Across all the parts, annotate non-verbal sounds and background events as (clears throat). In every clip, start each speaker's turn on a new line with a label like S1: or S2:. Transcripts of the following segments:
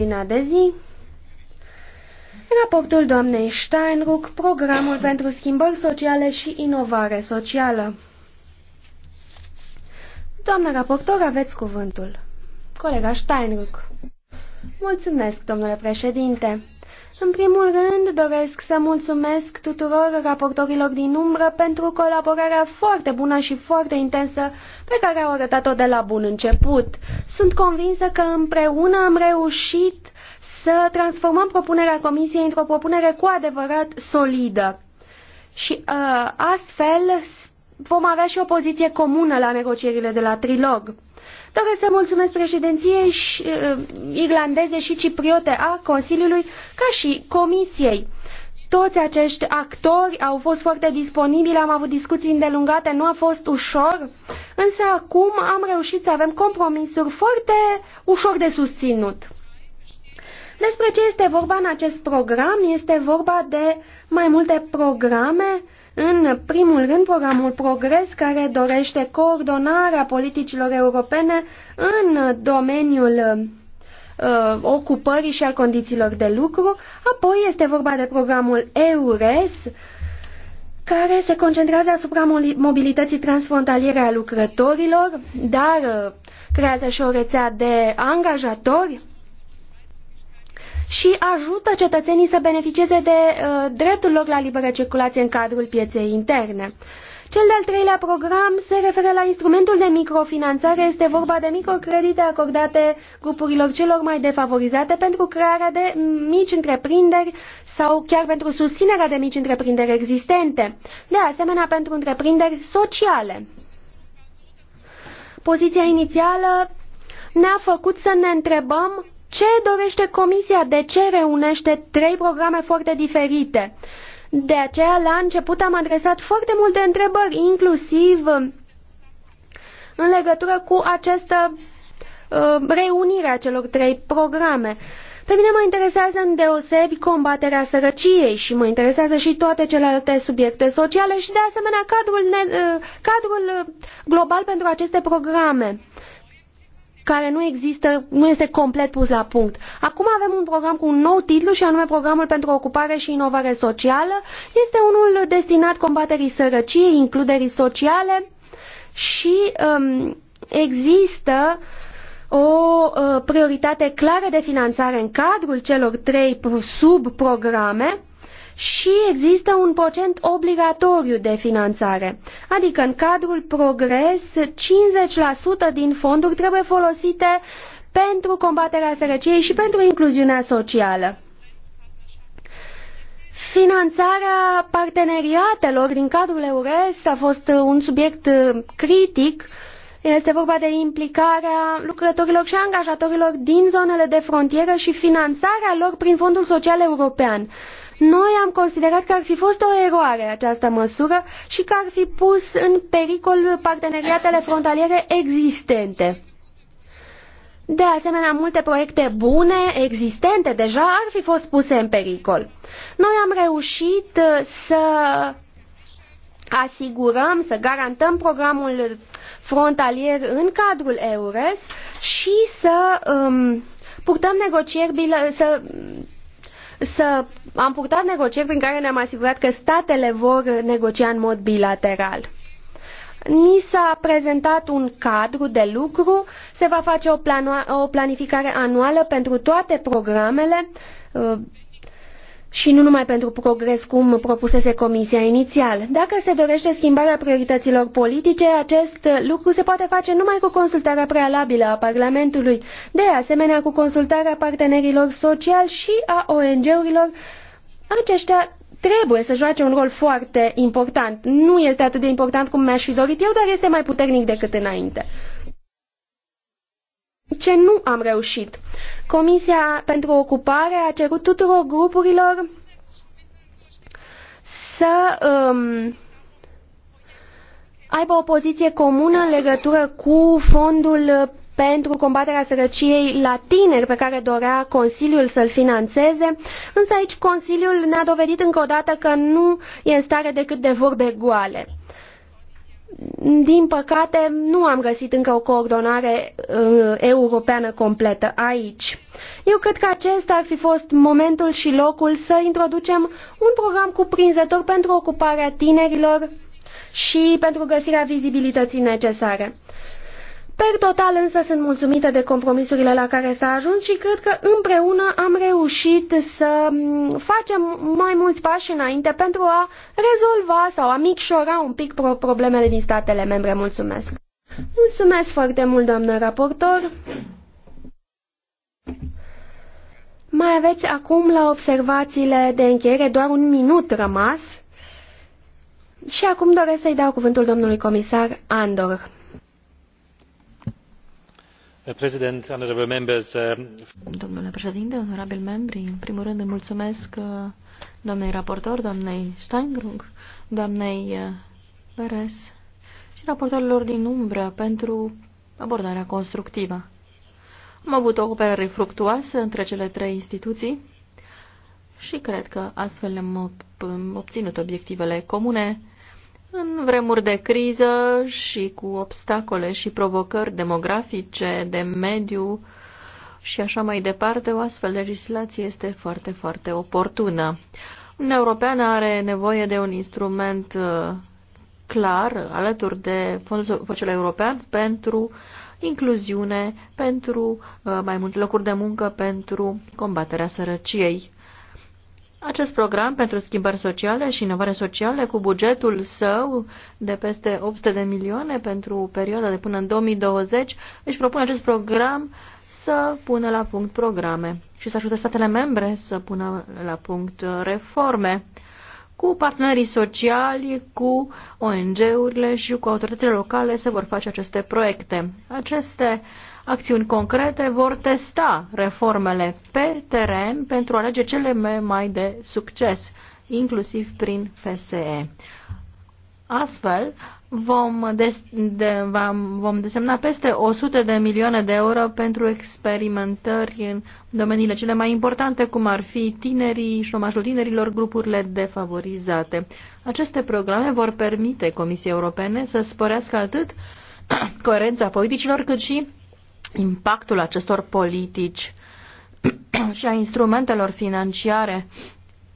S1: ordinea de zi. Raportul doamnei Steinruck, programul pentru schimbări sociale și inovare socială. Doamna raportor, aveți cuvântul. Colega Steinruck. Mulțumesc, domnule președinte. În primul rând, doresc să mulțumesc tuturor raportorilor din umbră pentru colaborarea foarte bună și foarte intensă pe care au arătat-o de la bun început. Sunt convinsă că împreună am reușit să transformăm propunerea Comisiei într-o propunere cu adevărat solidă. Și uh, astfel vom avea și o poziție comună la negocierile de la trilog. Doresc să mulțumesc președinției eh, irlandeze și cipriote a Consiliului ca și Comisiei. Toți acești actori au fost foarte disponibili, am avut discuții îndelungate, nu a fost ușor, însă acum am reușit să avem compromisuri foarte ușor de susținut. Despre ce este vorba în acest program? Este vorba de mai multe programe în primul rând, programul Progres, care dorește coordonarea politicilor europene în domeniul uh, ocupării și al condițiilor de lucru. Apoi este vorba de programul EURES, care se concentrează asupra mobilității transfrontaliere a lucrătorilor, dar uh, creează și o rețea de angajatori și ajută cetățenii să beneficieze de uh, dreptul lor la liberă circulație în cadrul pieței interne. Cel de-al treilea program se referă la instrumentul de microfinanțare. Este vorba de microcredite acordate grupurilor celor mai defavorizate pentru crearea de mici întreprinderi sau chiar pentru susținerea de mici întreprinderi existente. De asemenea, pentru întreprinderi sociale. Poziția inițială ne-a făcut să ne întrebăm ce dorește Comisia? De ce reunește trei programe foarte diferite? De aceea, la început am adresat foarte multe întrebări, inclusiv um, în legătură cu această uh, reunire a celor trei programe. Pe mine mă interesează deosebi combaterea sărăciei și mă interesează și toate celelalte subiecte sociale și de asemenea cadrul, ne, uh, cadrul uh, global pentru aceste programe care nu există, nu este complet pus la punct. Acum avem un program cu un nou titlu și anume Programul pentru Ocupare și Inovare Socială. Este unul destinat combaterii sărăciei, includerii sociale și um, există o uh, prioritate clară de finanțare în cadrul celor trei subprograme și există un procent obligatoriu de finanțare. Adică în cadrul progres, 50% din fonduri trebuie folosite pentru combaterea sărăciei și pentru incluziunea socială. Finanțarea parteneriatelor din cadrul EURES a fost uh, un subiect uh, critic. Este vorba de implicarea lucrătorilor și angajatorilor din zonele de frontieră și finanțarea lor prin Fondul Social European. Noi am considerat că ar fi fost o eroare această măsură și că ar fi pus în pericol parteneriatele frontaliere existente. De asemenea, multe proiecte bune, existente deja, ar fi fost puse în pericol. Noi am reușit uh, să asigurăm, să garantăm programul frontalier în cadrul EURES și să um, purtăm negocieri, să să am purtat negocieri prin care ne-am asigurat că statele vor negocia în mod bilateral. Ni s-a prezentat un cadru de lucru, se va face o, o planificare anuală pentru toate programele uh, și nu numai pentru progres cum propusese Comisia inițial. Dacă se dorește schimbarea priorităților politice, acest lucru se poate face numai cu consultarea prealabilă a Parlamentului, de asemenea cu consultarea partenerilor sociali și a ONG-urilor. Aceștia trebuie să joace un rol foarte important. Nu este atât de important cum mi-aș fi dorit eu, dar este mai puternic decât înainte ce nu am reușit. Comisia pentru Ocupare a cerut tuturor grupurilor să um, aibă o poziție comună în legătură cu fondul pentru combaterea sărăciei la tineri pe care dorea Consiliul să-l financeze, însă aici Consiliul ne-a dovedit încă o dată că nu e în stare decât de vorbe goale. Din păcate, nu am găsit încă o coordonare uh, europeană completă aici. Eu cred că acesta ar fi fost momentul și locul să introducem un program cuprinzător pentru ocuparea tinerilor și pentru găsirea vizibilității necesare. Per total însă sunt mulțumită de compromisurile la care s-a ajuns și cred că împreună am reușit să facem mai mulți pași înainte pentru a rezolva sau a micșora un pic problemele din statele membre. Mulțumesc! Mulțumesc foarte mult, doamnă raportor! Mai aveți acum la observațiile de încheiere doar un minut rămas. Și acum doresc să-i dau cuvântul domnului comisar Andor.
S2: Uh, domnule președinte onorabili membri în primul rând îi mulțumesc uh, doamnei raportor doamnei steinruck doamnei uh, bers și raportorilor din umbră pentru abordarea constructivă. Am avut o cooperare fructuoasă între cele trei instituții și cred că astfel am obținut obiectivele comune în vremuri de criză și cu obstacole și provocări demografice, de mediu și așa mai departe, o astfel de legislație este foarte, foarte oportună. Uniunea Europeană are nevoie de un instrument uh, clar alături de Fondul Social European pentru incluziune, pentru uh, mai multe locuri de muncă, pentru combaterea sărăciei. Acest program pentru schimbări sociale și inovare sociale cu bugetul său de peste 800 de milioane pentru perioada de până în 2020 își propune acest program să pună la punct programe și să ajute statele membre să pună la punct uh, reforme cu partenerii sociali, cu ONG-urile și cu autoritățile locale se vor face aceste proiecte. Aceste uh, acțiuni concrete, vor testa reformele pe teren pentru a alege cele mai de succes, inclusiv prin FSE. Astfel, vom, des, de, vom desemna peste 100 de milioane de euro pentru experimentări în domeniile cele mai importante, cum ar fi tinerii, șomajul tinerilor, grupurile defavorizate. Aceste programe vor permite Comisiei Europene să sporească atât (clears throat) coerența politicilor, cât și impactul acestor politici (clears throat) și a instrumentelor financiare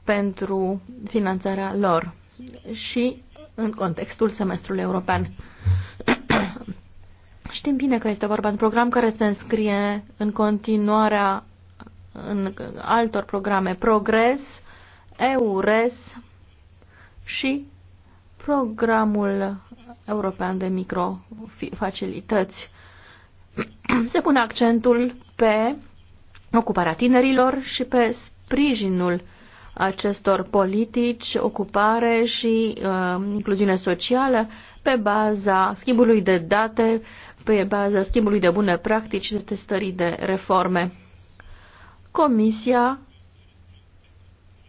S2: pentru finanțarea lor și în contextul semestrului european. (clears throat) Știm bine că este vorba de un program care se înscrie în continuarea în altor programe Progres, EURES și programul european de microfacilități se pune accentul pe ocuparea tinerilor și pe sprijinul acestor politici, ocupare și uh, incluziune socială pe baza schimbului de date, pe baza schimbului de bune practici, de testării de reforme. Comisia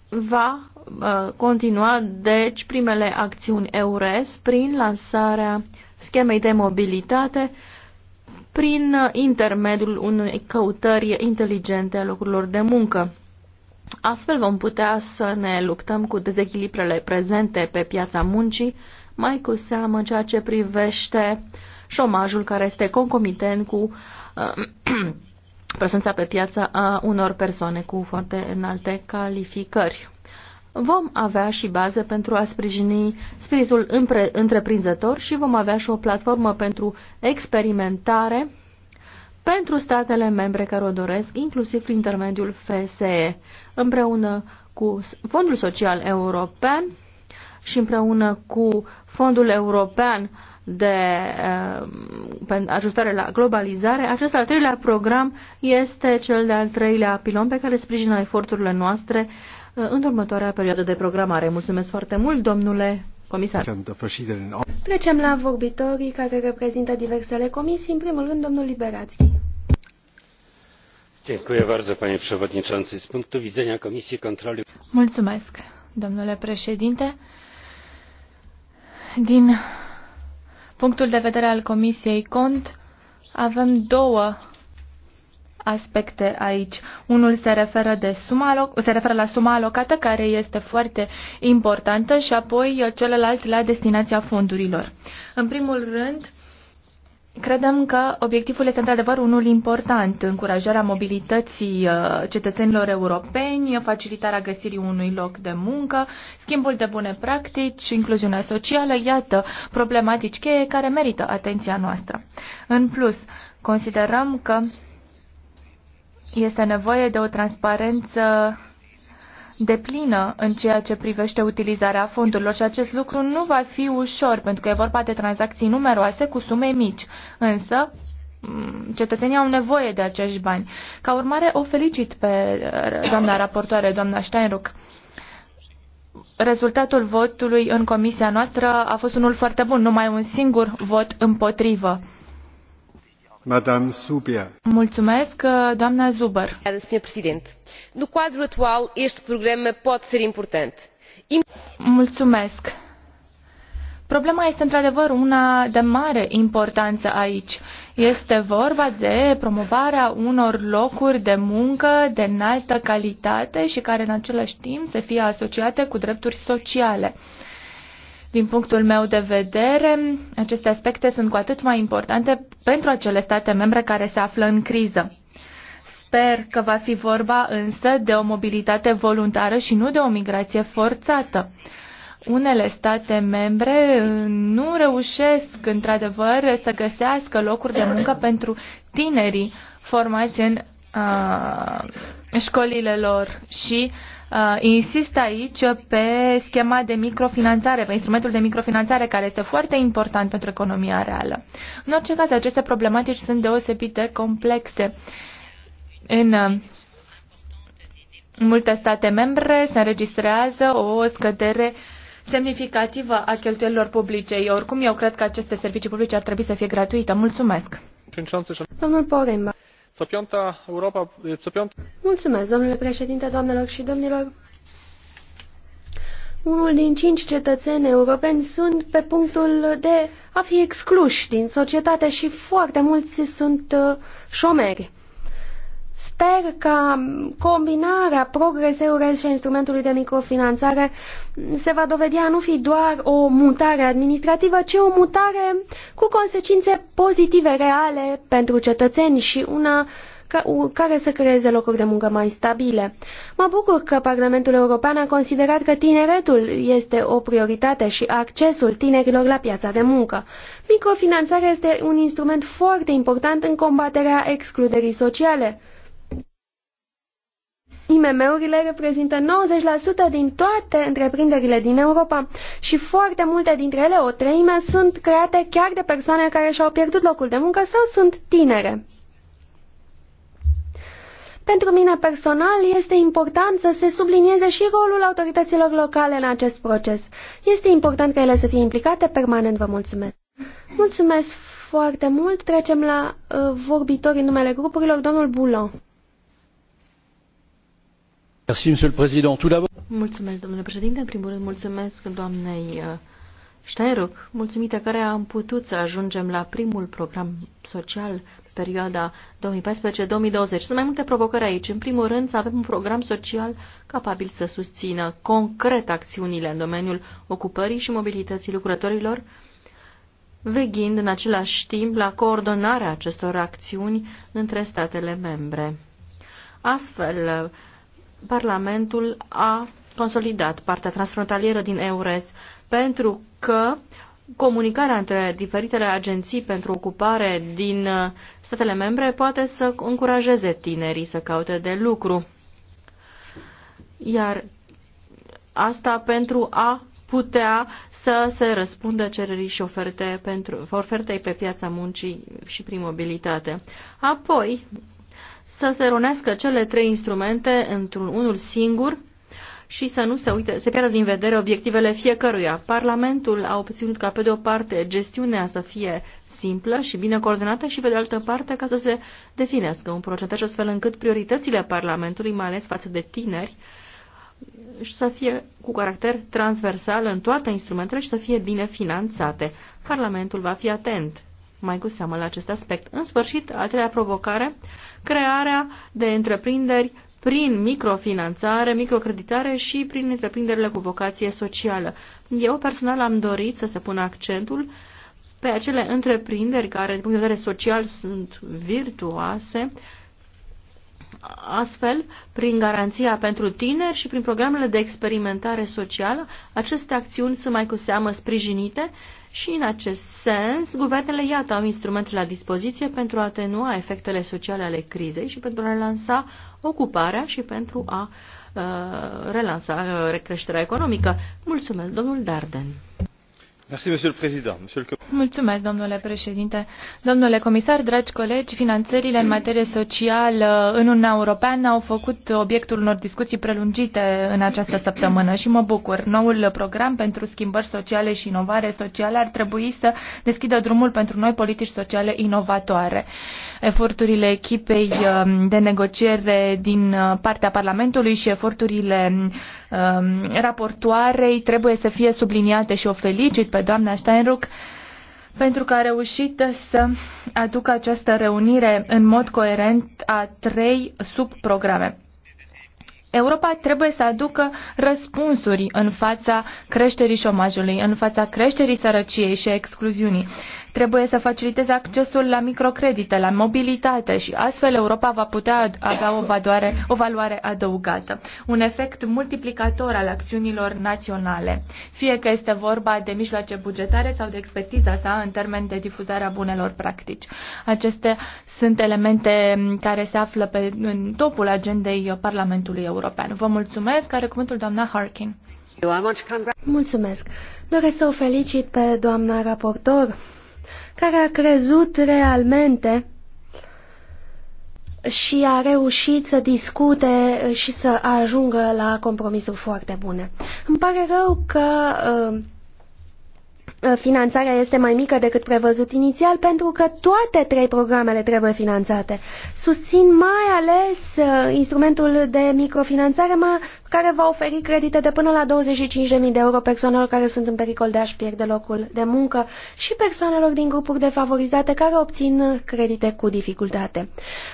S2: va uh, continua, deci, primele acțiuni EURES prin lansarea schemei de mobilitate uh, prin intermediul unei căutări inteligente a locurilor de muncă. Astfel vom putea să ne luptăm cu dezechilibrele prezente pe piața muncii, mai cu seamă în ceea ce privește șomajul care este concomitent cu uh, (clears throat) prezența pe piață a unor persoane cu foarte înalte calificări vom avea și bază pentru a sprijini spiritul împre- întreprinzător și vom avea și o platformă pentru experimentare pentru statele membre care o doresc, inclusiv prin intermediul FSE, împreună cu Fondul Social European și împreună cu Fondul European de uh, ajustare la globalizare. Acest al treilea program este cel de-al treilea pilon pe care sprijină eforturile noastre uh, în următoarea perioadă de programare. Mulțumesc foarte mult,
S1: domnule comisar. Trecem la vorbitorii care reprezintă diversele comisii. În primul rând, domnul Liberațchi.
S3: Mulțumesc, domnule președinte. Din punctul de vedere al Comisiei Cont, avem două aspecte aici. Unul se referă, de suma, se referă la suma alocată, care este foarte importantă, și apoi uh, celălalt la destinația fondurilor.
S2: În primul rând,
S3: Credem că obiectivul este într-adevăr unul important, încurajarea mobilității uh, cetățenilor europeni, facilitarea găsirii unui loc de muncă, schimbul de bune practici, incluziunea socială, iată problematici cheie care merită atenția noastră. În plus, considerăm că este nevoie de o transparență deplină în ceea ce privește utilizarea fondurilor și acest lucru nu va fi ușor pentru că e vorba de tranzacții numeroase cu sume mici. Însă, cetățenii au nevoie de acești bani. Ca urmare, o felicit pe doamna raportoare, doamna Steinruck. Rezultatul votului în comisia noastră a fost unul foarte bun, numai un singur vot împotrivă. Mulțumesc, uh, doamna Zuber. domnule președinte. În quadro actual, este program poate fi important. Mulțumesc. Problema este într-adevăr una de mare importanță aici. Este vorba de promovarea unor locuri de muncă de înaltă calitate și care în același timp să fie asociate cu drepturi sociale. Din punctul meu de vedere, aceste aspecte sunt cu atât mai importante pentru acele state membre care se află în criză. Sper că va fi vorba însă de o mobilitate voluntară și nu de o migrație forțată. Unele state membre uh, nu reușesc, într-adevăr, să găsească locuri de muncă pentru tinerii formați în uh, școlile lor și uh, insist aici pe schema de microfinanțare, pe instrumentul de microfinanțare care este foarte important pentru economia reală. În orice caz, aceste problematici sunt deosebite complexe. În uh, multe state membre se înregistrează o scădere semnificativă a cheltuielor publice. Eu, oricum, eu cred că aceste servicii publice ar trebui să fie gratuite. Mulțumesc!
S1: Domnul Poremba.
S2: Co piąta Europa, co piąta...
S1: Mulțumesc, domnule președinte, doamnelor și domnilor. Unul din cinci cetățeni europeni sunt pe punctul de a fi excluși din societate și foarte mulți sunt uh, șomeri sper că combinarea Progres și a instrumentului de microfinanțare se va dovedi a nu fi doar o mutare administrativă, ci o mutare cu consecințe pozitive reale pentru cetățeni și una care să creeze locuri de muncă mai stabile. Mă bucur că Parlamentul European a considerat că tineretul este o prioritate și accesul tinerilor la piața de muncă. Microfinanțarea este un instrument foarte important în combaterea excluderii sociale. IMM-urile reprezintă 90% din toate întreprinderile din Europa și foarte multe dintre ele, o treime, sunt create chiar de persoane care și-au pierdut locul de muncă sau sunt tinere. Pentru mine personal este important să se sublinieze și rolul autorităților locale în acest proces. Este important ca ele să fie implicate permanent. Vă mulțumesc! Mulțumesc foarte mult! Trecem la uh, vorbitori în numele grupurilor. Domnul Bulon. Mulțumesc,
S2: domnule președinte. În primul rând, mulțumesc doamnei uh, Steinruck, mulțumită care am putut să ajungem la primul program social pe perioada 2014-2020. Sunt mai multe provocări aici. În primul rând, să avem un program social capabil să susțină concret acțiunile în domeniul ocupării și mobilității lucrătorilor, veghind în același timp la coordonarea acestor acțiuni între statele membre. Astfel, Parlamentul a consolidat partea transfrontalieră din EURES pentru că comunicarea între diferitele agenții pentru ocupare din uh, statele membre poate să încurajeze tinerii să caute de lucru. Iar asta pentru a putea să se răspundă cererii și oferte pentru, ofertei pe piața muncii și prin mobilitate. Apoi, să se runească cele trei instrumente într-un unul singur și să nu se uite, se pierdă din vedere obiectivele fiecăruia. Parlamentul a obținut ca pe de o parte gestiunea să fie simplă și bine coordonată și pe de altă parte ca să se definească un procentaj astfel încât prioritățile Parlamentului, mai ales față de tineri, și să fie cu caracter transversal în toate instrumentele și să fie bine finanțate. Parlamentul va fi atent mai cu seamă la acest aspect. În sfârșit, a treia provocare, crearea de întreprinderi prin microfinanțare, microcreditare și prin întreprinderile cu vocație socială. Eu personal am dorit să se pună accentul pe acele întreprinderi care, din punct de vedere social, sunt virtuoase, Astfel, prin garanția pentru tineri și prin programele de experimentare socială, aceste acțiuni sunt mai cu seamă sprijinite și în acest sens, guvernele, iată, au instrumente la dispoziție pentru a atenua efectele sociale ale crizei și pentru a relansa ocuparea și pentru a uh, relansa uh, recreșterea economică. Mulțumesc, domnul Darden. Mulțumesc,
S3: domnule președinte
S2: domnule comisar
S3: dragi colegi finanțările în materie socială în uniunea europeană au făcut obiectul unor discuții prelungite în această săptămână și mă bucur noul program pentru schimbări sociale și inovare socială ar trebui să deschidă drumul pentru noi politici sociale inovatoare. eforturile echipei um, de negociere din uh, partea parlamentului și eforturile Um, raportoarei trebuie să fie subliniate și o felicit pe doamna Steinruck pentru că a reușit să aducă această reunire în mod coerent a trei subprograme. Europa trebuie să aducă răspunsuri în fața creșterii șomajului, în fața creșterii sărăciei și excluziunii. Trebuie să faciliteze accesul la microcredite, la mobilitate și astfel Europa va putea avea o valoare, o valoare adăugată, un efect multiplicator al acțiunilor naționale, fie că este vorba de mijloace bugetare sau de expertiza sa în termen de difuzarea bunelor practici. Aceste sunt elemente care se află pe, în topul agendei Parlamentului European. Vă mulțumesc. Are cuvântul doamna Harkin. Mulțumesc.
S1: Doresc să o felicit pe doamna raportor, care a crezut realmente și a reușit să discute și să ajungă la compromisuri foarte bune. Îmi pare rău că uh, Eh, finanțarea este mai mică decât prevăzut inițial pentru că toate trei programele trebuie finanțate. Susțin mai ales eh, instrumentul de microfinanțare, mai care va oferi credite de până la 25.000 de euro persoanelor care sunt în pericol de a-și pierde locul de muncă și persoanelor din grupuri defavorizate care obțin credite cu dificultate.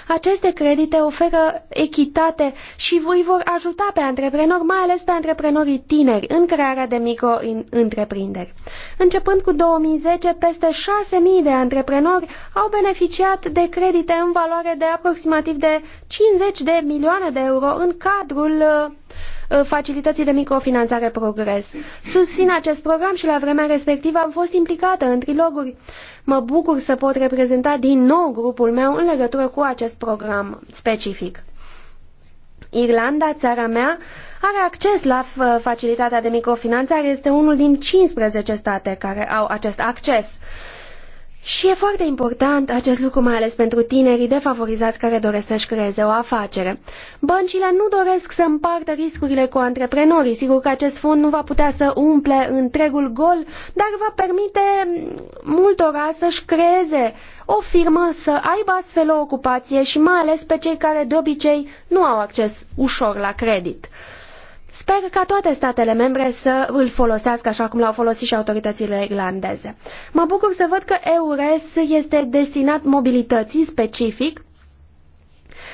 S1: Aceste credite oferă echitate și voi vor ajuta pe antreprenori, mai ales pe antreprenorii tineri, în crearea de micro-întreprinderi. Începând cu 2010, peste 6.000 de antreprenori au beneficiat de credite în valoare de aproximativ de 50 de milioane de euro în cadrul Uh, facilității de microfinanțare progres. Susțin acest program și la vremea respectivă am fost implicată în triloguri. Mă bucur să pot reprezenta din nou grupul meu în legătură cu acest program specific. Irlanda, țara mea, are acces la uh, facilitatea de microfinanțare, este unul din 15 state care au acest acces. Și e foarte important acest lucru, mai ales pentru tinerii defavorizați care doresc să-și creeze o afacere. Băncile nu doresc să împartă riscurile cu antreprenorii. Sigur că acest fond nu va putea să umple întregul gol, dar va permite multora să-și creeze o firmă, să aibă astfel o ocupație și mai ales pe cei care de obicei nu au acces ușor la credit. Sper ca toate statele membre să îl folosească așa cum l-au folosit și autoritățile irlandeze. Mă bucur să văd că EURES este destinat mobilității specific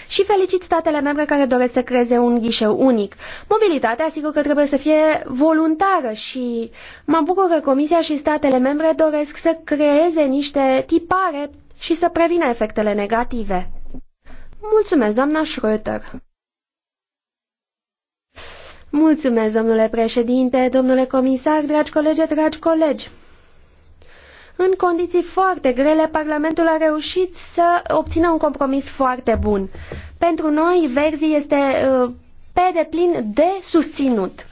S1: și felicit statele membre care doresc să creeze un ghișeu unic. Mobilitatea, sigur că trebuie să fie voluntară și mă bucur că Comisia și statele membre doresc să creeze niște tipare și să prevină efectele negative. Mulțumesc, doamna Schröter. Mulțumesc, domnule președinte, domnule comisar, dragi colegi, dragi colegi. În condiții foarte grele, Parlamentul a reușit să obțină un compromis foarte bun. Pentru noi, Verzi este uh, pe deplin de susținut.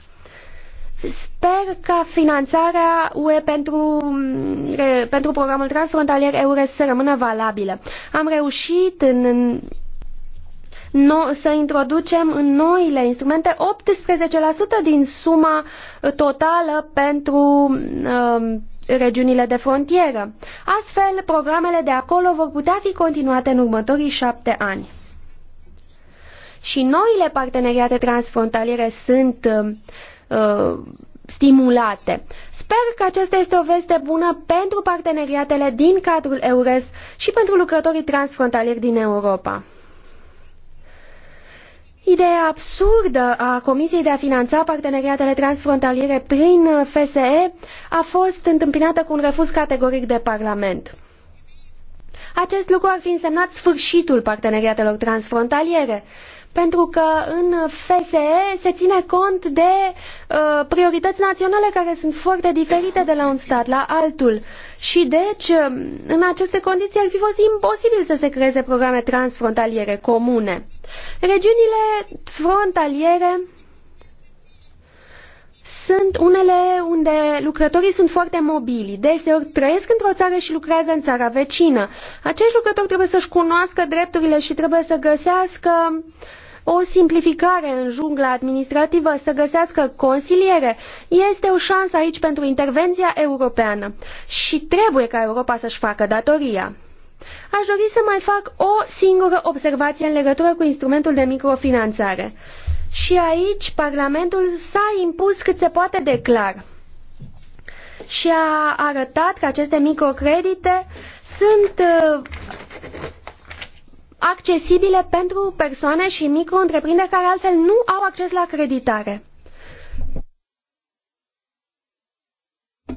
S1: Sper ca finanțarea UE pentru, mm, pentru programul transfrontalier EURES să rămână valabilă. Am reușit în, în no, să introducem în noile instrumente 18% din suma uh, totală pentru um, regiunile de frontieră. Astfel, programele de acolo vor putea fi continuate în următorii șapte ani. Și noile parteneriate transfrontaliere sunt um, uh, stimulate. Sper că aceasta este o veste bună pentru parteneriatele din cadrul EURES și pentru lucrătorii transfrontalieri din Europa. Ideea absurdă a Comisiei de a finanța parteneriatele transfrontaliere prin FSE a fost întâmpinată cu un refuz categoric de Parlament. Acest lucru ar fi însemnat sfârșitul parteneriatelor transfrontaliere, pentru că în FSE se ține cont de uh, priorități naționale care sunt foarte diferite de la un stat la altul. Și deci, um, în aceste condiții, ar fi fost imposibil să se creeze programe transfrontaliere comune. Regiunile frontaliere sunt unele unde lucrătorii sunt foarte mobili. Deseori trăiesc într-o țară și lucrează în țara vecină. Acești lucrători trebuie să-și cunoască drepturile și trebuie să găsească o simplificare în jungla administrativă, să găsească consiliere. Este o șansă aici pentru intervenția europeană și trebuie ca Europa să-și facă datoria. Aș dori să mai fac o singură observație în legătură cu instrumentul de microfinanțare. Și aici Parlamentul s-a impus cât se poate de clar și a arătat că aceste microcredite sunt uh, accesibile pentru persoane și micro-întreprinderi care altfel nu au acces la creditare.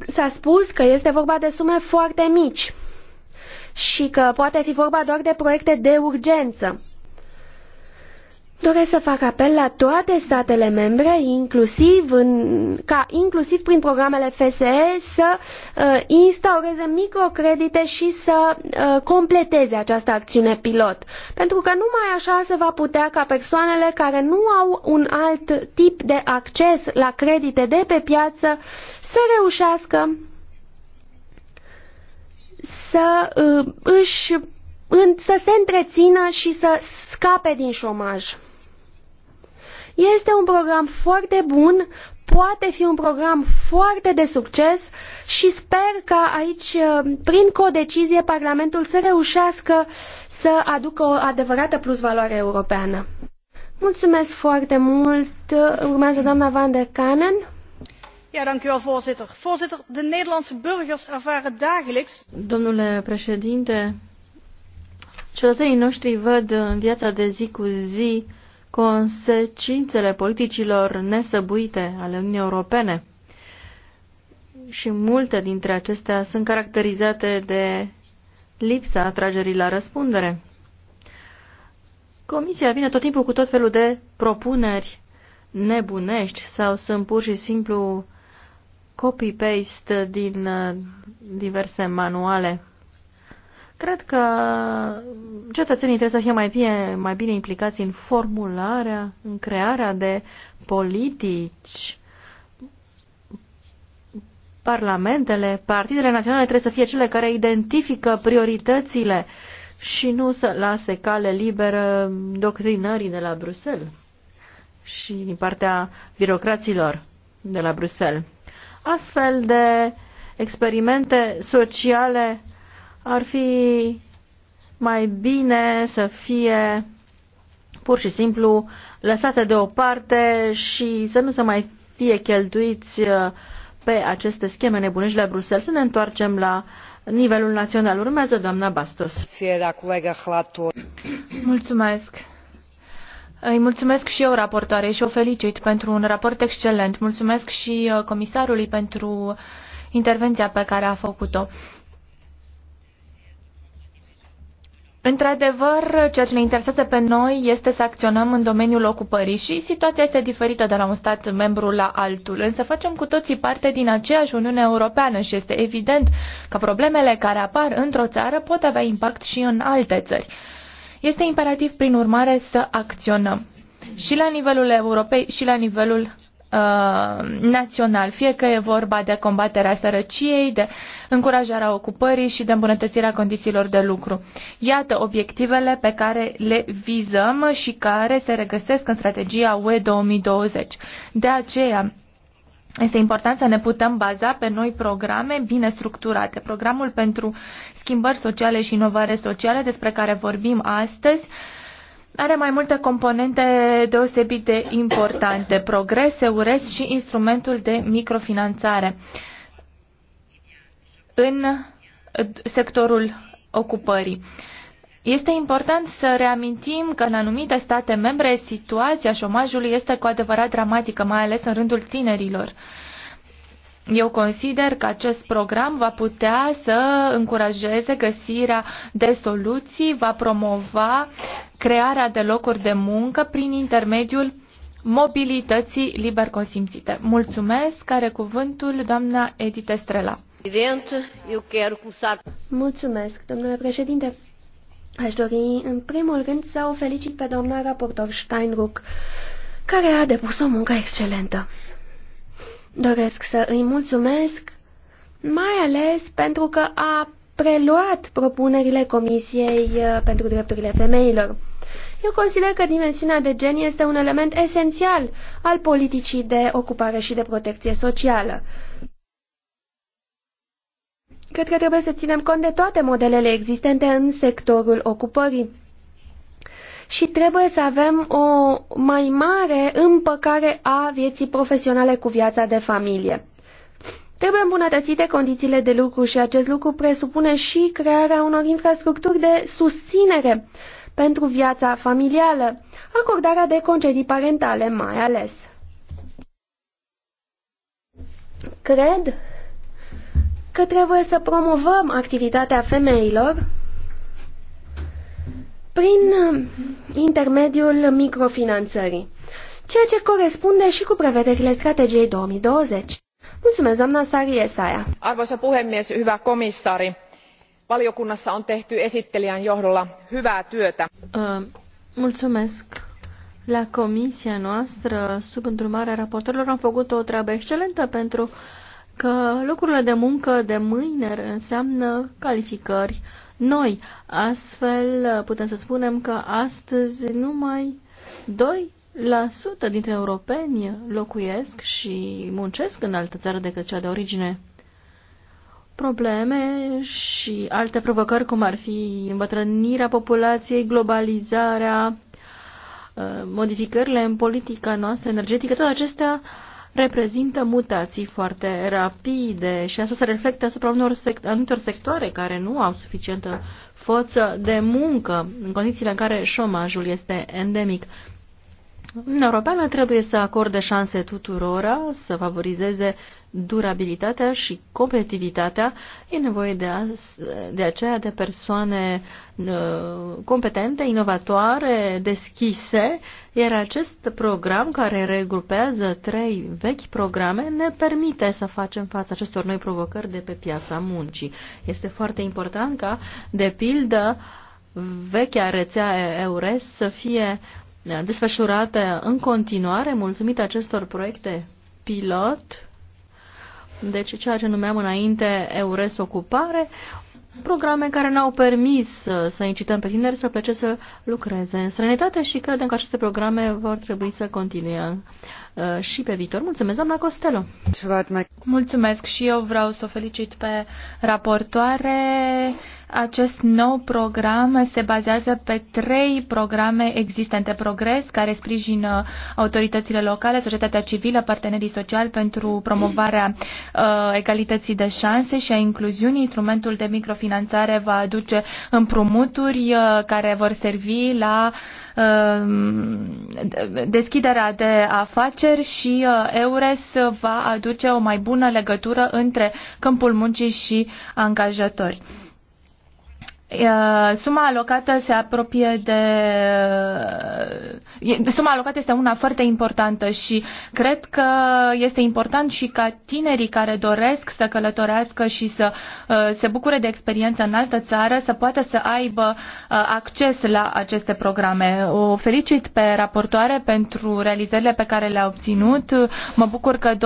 S1: S-a spus că este vorba de sume foarte mici și că poate fi vorba doar de proiecte de urgență. Doresc să fac apel la toate statele membre, inclusiv în, ca inclusiv prin programele FSE, să uh, instaureze microcredite și să uh, completeze această acțiune pilot. Pentru că numai așa se va putea ca persoanele care nu au un alt tip de acces la credite de pe piață să reușească să uh, își să se întrețină și să scape din șomaj. Este un program foarte bun, poate fi un program foarte de succes și sper că aici, ă, prin codecizie, Parlamentul să reușească să aducă o adevărată plusvaloare europeană. Mulțumesc foarte mult. Urmează doamna Van der Kanen voorzitter
S2: de nederlandse burgers ervaren dagelijks.
S1: domnule președinte
S2: cetățenii noștri văd în viața de zi cu zi consecințele politicilor nesăbuite ale uniunii europene și multe dintre acestea sunt caracterizate de lipsa atragerii la răspundere. Comisia vine tot timpul cu tot felul de propuneri nebunești sau sunt pur și simplu copy-paste din uh, diverse manuale. Cred că cetățenii trebuie să fie mai bine, mai bine implicați în formularea, în crearea de politici. Parlamentele, partidele naționale trebuie să fie cele care identifică prioritățile și nu să lase cale liberă doctrinării de la Bruxelles și din partea birocraților de la Bruxelles. Astfel de experimente sociale ar fi mai bine să fie pur și simplu lăsate deoparte și să nu se mai fie cheltuiți uh, pe aceste scheme nebunești la Bruxelles. Să ne întoarcem la nivelul național. Urmează doamna Bastos.
S3: Mulțumesc. Îi mulțumesc și eu raportoare și o felicit pentru un raport excelent. Mulțumesc și uh, comisarului pentru intervenția pe care a făcut-o. Într-adevăr, ceea ce ne interesează pe noi este să acționăm în domeniul ocupării și situația este diferită de la un stat membru la altul, însă facem cu toții parte din aceeași Uniune Europeană și este evident că problemele care apar într-o țară pot avea impact și în alte țări. Este imperativ, prin urmare, să acționăm și la nivelul Europei și la nivelul uh, național, fie că e vorba de combaterea sărăciei, de încurajarea ocupării și de îmbunătățirea condițiilor de lucru. Iată obiectivele pe care le vizăm și care se regăsesc în strategia UE 2020. De aceea, este important să ne putem baza pe noi programe bine structurate. Programul pentru schimbări sociale și inovare sociale despre care vorbim astăzi are mai multe componente deosebit de importante, progrese, URES și instrumentul de microfinanțare. În sectorul ocupării. Este important să reamintim că în anumite state membre situația șomajului este cu adevărat dramatică, mai ales în rândul tinerilor. Eu consider că acest program va putea să încurajeze găsirea de soluții, va promova crearea de locuri de muncă prin intermediul mobilității liber consimțite. Mulțumesc, care cuvântul doamna Edith
S1: Estrela. Mulțumesc, domnule președinte. Aș dori, în primul rând, să o felicit pe doamna raportor Steinruck, care a depus o muncă excelentă. Doresc să îi mulțumesc, mai ales pentru că a preluat propunerile Comisiei uh, pentru Drepturile Femeilor. Eu consider că dimensiunea de gen este un element esențial al politicii de ocupare și de protecție socială. Cred că trebuie să ținem cont de toate modelele existente în sectorul ocupării. Și trebuie să avem o mai mare împăcare a vieții profesionale cu viața de familie. Trebuie îmbunătățite condițiile de lucru și acest lucru presupune și crearea unor infrastructuri de susținere pentru viața familială, acordarea de concedii parentale mai ales. Cred că trebuie să promovăm activitatea femeilor prin uh, intermediul microfinanțării, ceea ce corespunde și cu prevederile strategiei 2020. Mulțumesc, doamna Sari Esaia.
S3: Arvoisa puhemies, hyvä komissari. Valiokunnassa on tehty esittelijän johdolla
S2: hyvää työtä. Uh, mulțumesc. La comisia noastră, sub îndrumarea raportorilor, am făcut o treabă excelentă pentru uh, că locurile de muncă de mâine înseamnă calificări noi. Astfel putem să spunem că astăzi numai 2% dintre europeni locuiesc și muncesc în altă țară decât cea de origine. Probleme și alte provocări, cum ar fi îmbătrânirea populației, globalizarea, modificările în politica noastră energetică, toate acestea uh, reprezintă mutații foarte rapide și asta se reflectă asupra unor sect- anumitor sectoare care nu au suficientă forță de muncă în condițiile în care șomajul este endemic. Uniunea Europeană trebuie să acorde șanse tuturora, să favorizeze durabilitatea și competitivitatea. E nevoie de, a, de aceea de persoane uh, competente, inovatoare, deschise, iar acest program care regrupează trei vechi programe ne permite să facem față acestor noi provocări de pe piața muncii. Este foarte important ca, de pildă, vechea rețea EURES să fie uh, desfășurate în continuare, mulțumit acestor proiecte pilot, deci ceea ce numeam înainte EURES Ocupare, programe care ne-au permis să incităm pe tineri să plece să lucreze în străinătate și credem că aceste programe vor trebui să continue uh, și pe viitor. Mulțumesc, doamna Costello! Mulțumesc și eu vreau să o
S3: felicit pe raportoare. Acest nou program se bazează pe trei programe existente. Progres, care sprijină autoritățile locale, societatea civilă, partenerii sociali pentru promovarea uh, egalității de șanse și a incluziunii. Instrumentul de microfinanțare va aduce împrumuturi uh, care vor servi la uh, deschiderea de afaceri și uh, EURES va aduce o mai bună legătură între câmpul muncii și angajatori. Suma alocată se apropie de. Suma alocată este una foarte importantă și cred că este important și ca tinerii care doresc să călătorească și să uh, se bucure de experiență în altă țară să poată să aibă uh, acces la aceste programe. O felicit pe raportoare pentru realizările pe care le-a obținut. Mă bucur că 20%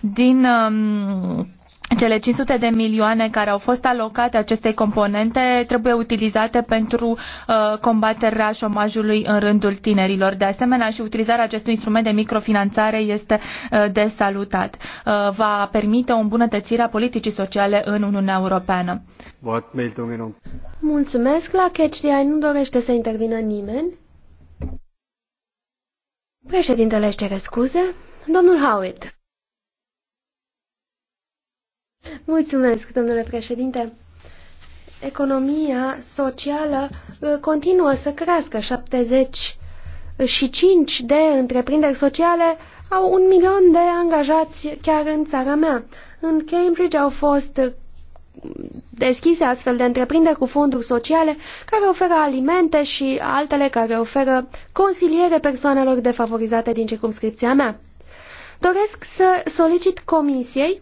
S3: din um, cele 500 de milioane care au fost alocate acestei componente trebuie utilizate pentru uh, combaterea șomajului în rândul tinerilor. De asemenea, și utilizarea acestui instrument de microfinanțare este uh, de salutat. Uh, va permite o îmbunătățire a politicii sociale în Uniunea Europeană.
S1: Mulțumesc. La CHDI nu dorește să intervină nimeni. Președintele își cere scuze. Domnul Howitt. Mulțumesc, domnule președinte. Economia socială uh, continuă să crească. 75 de întreprinderi sociale au un milion de angajați chiar în țara mea. În Cambridge au fost uh, deschise astfel de întreprinderi cu fonduri sociale care oferă alimente și altele care oferă consiliere persoanelor defavorizate din circumscripția mea. Doresc să solicit comisiei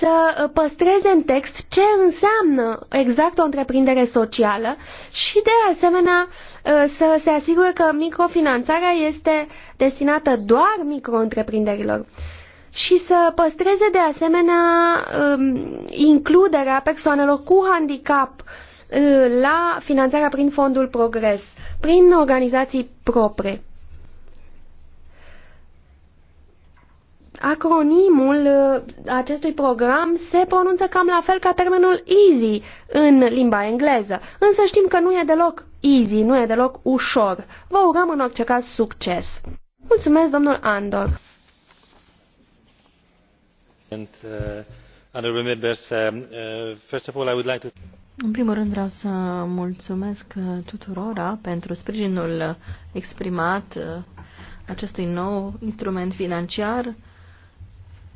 S1: să uh, păstreze în text ce înseamnă exact o întreprindere socială și de asemenea uh, să se asigure că microfinanțarea este destinată doar micro-întreprinderilor și să păstreze de asemenea um, includerea persoanelor cu handicap uh, la finanțarea prin fondul progres, prin organizații proprii. Acronimul uh, acestui program se pronunță cam la fel ca termenul easy în limba engleză, însă știm că nu e deloc easy, nu e deloc ușor. Vă urăm în orice caz succes. Mulțumesc, domnul Andor.
S2: And, uh, uh, uh, first of all, I would like to...
S1: În primul rând vreau
S2: să mulțumesc uh, tuturora pentru sprijinul exprimat acestui nou instrument financiar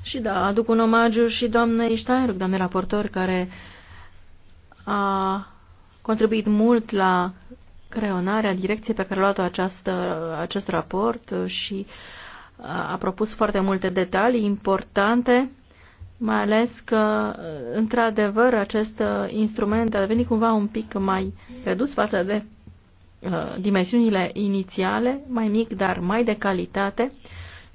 S2: și da, aduc un omagiu și doamnei Steinruck, doamnei raportor, care a contribuit mult la creonarea direcției pe care a luat-o acest raport și a propus foarte multe detalii importante, mai ales că, într-adevăr, acest instrument a devenit cumva un pic mai redus față de dimensiunile inițiale, mai mic, dar mai de calitate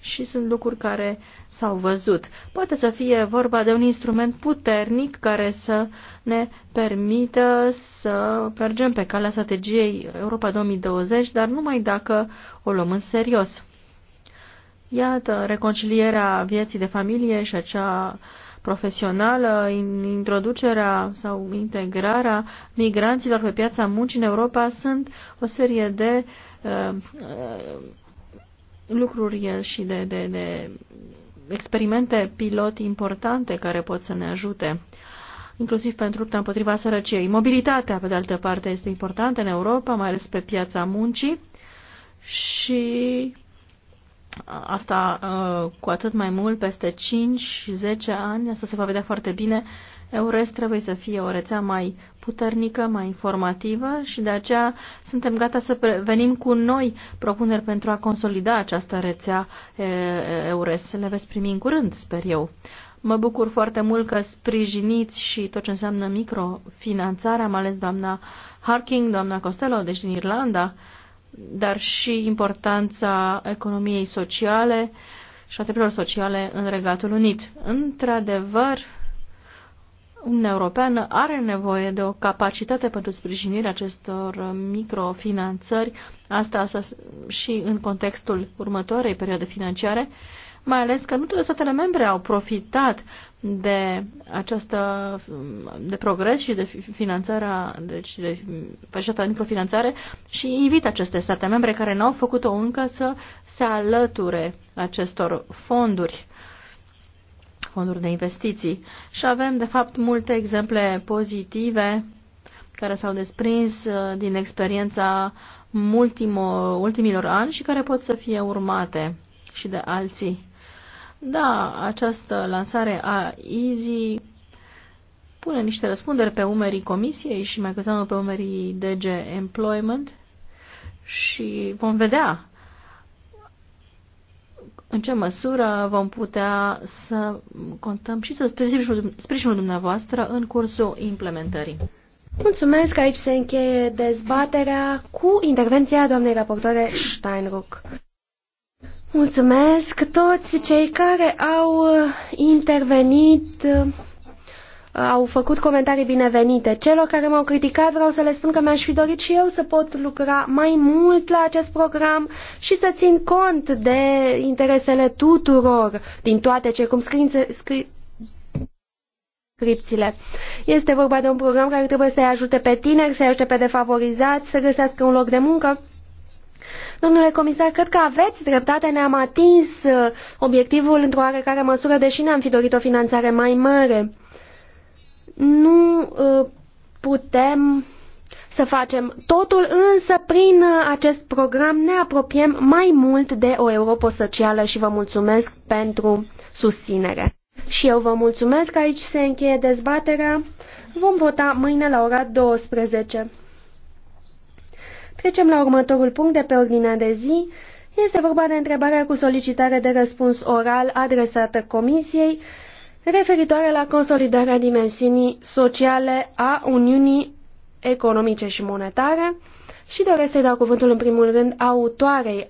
S2: și sunt lucruri care s-au văzut. Poate să fie vorba de un instrument puternic care să ne permită să mergem pe calea strategiei Europa 2020, dar numai dacă o luăm în serios. Iată, reconcilierea vieții de familie și acea profesională, introducerea sau integrarea migranților pe piața muncii în Europa sunt o serie de uh, uh, lucruri și de, de, de experimente pilot importante care pot să ne ajute inclusiv pentru lupta împotriva sărăciei. Mobilitatea, pe de altă parte, este importantă în Europa, mai ales pe piața muncii și asta uh, cu atât mai mult, peste 5-10 ani, asta se va vedea foarte bine, EURES trebuie să fie o rețea mai puternică, mai informativă și de aceea suntem gata să venim cu noi propuneri pentru a consolida această rețea EURES. Le veți primi în curând, sper eu. Mă bucur foarte mult că sprijiniți și tot ce înseamnă microfinanțare. Am ales doamna Harking, doamna Costello, deci din Irlanda, dar și importanța economiei sociale și a sociale în Regatul Unit. Într-adevăr, Uniunea Europeană are nevoie de o capacitate pentru sprijinirea acestor microfinanțări, asta și în contextul următoarei perioade financiare, mai ales că nu toate statele membre au profitat de această de progres și de finanțarea, deci de această microfinanțare și invit aceste state membre care n-au făcut-o încă să se alăture acestor fonduri fonduri de investiții. Și avem, de fapt, multe exemple pozitive care s-au desprins uh, din experiența ultimo, ultimilor ani și care pot să fie urmate și de alții. Da, această lansare a EASY pune niște răspunderi pe umerii comisiei și mai că exact pe umerii DG Employment și vom vedea în ce măsură vom putea să contăm și să sprijinul, sprijinul dumneavoastră în cursul implementării.
S1: Mulțumesc, aici se încheie dezbaterea cu intervenția doamnei raportoare Steinruck. Mulțumesc toți cei care au uh, intervenit uh, au făcut comentarii binevenite. Celor care m-au criticat vreau să le spun că mi-aș fi dorit și eu să pot lucra mai mult la acest program și să țin cont de interesele tuturor din toate Scripțiile. Este vorba de un program care trebuie să-i ajute pe tineri, să-i ajute pe defavorizați, să găsească un loc de muncă. Domnule comisar, cred că aveți dreptate, ne-am atins uh, obiectivul într-o oarecare măsură, deși ne-am fi dorit o finanțare mai mare nu uh, putem să facem totul, însă prin uh, acest program ne apropiem mai mult de o Europa socială și vă mulțumesc pentru susținere. Și eu vă mulțumesc, aici se încheie dezbaterea. Vom vota mâine la ora 12. Trecem la următorul punct de pe ordinea de zi. Este vorba de întrebarea cu solicitare de răspuns oral adresată Comisiei referitoare la consolidarea dimensiunii sociale a Uniunii Economice și Monetare și doresc să-i dau cuvântul în primul rând autoarei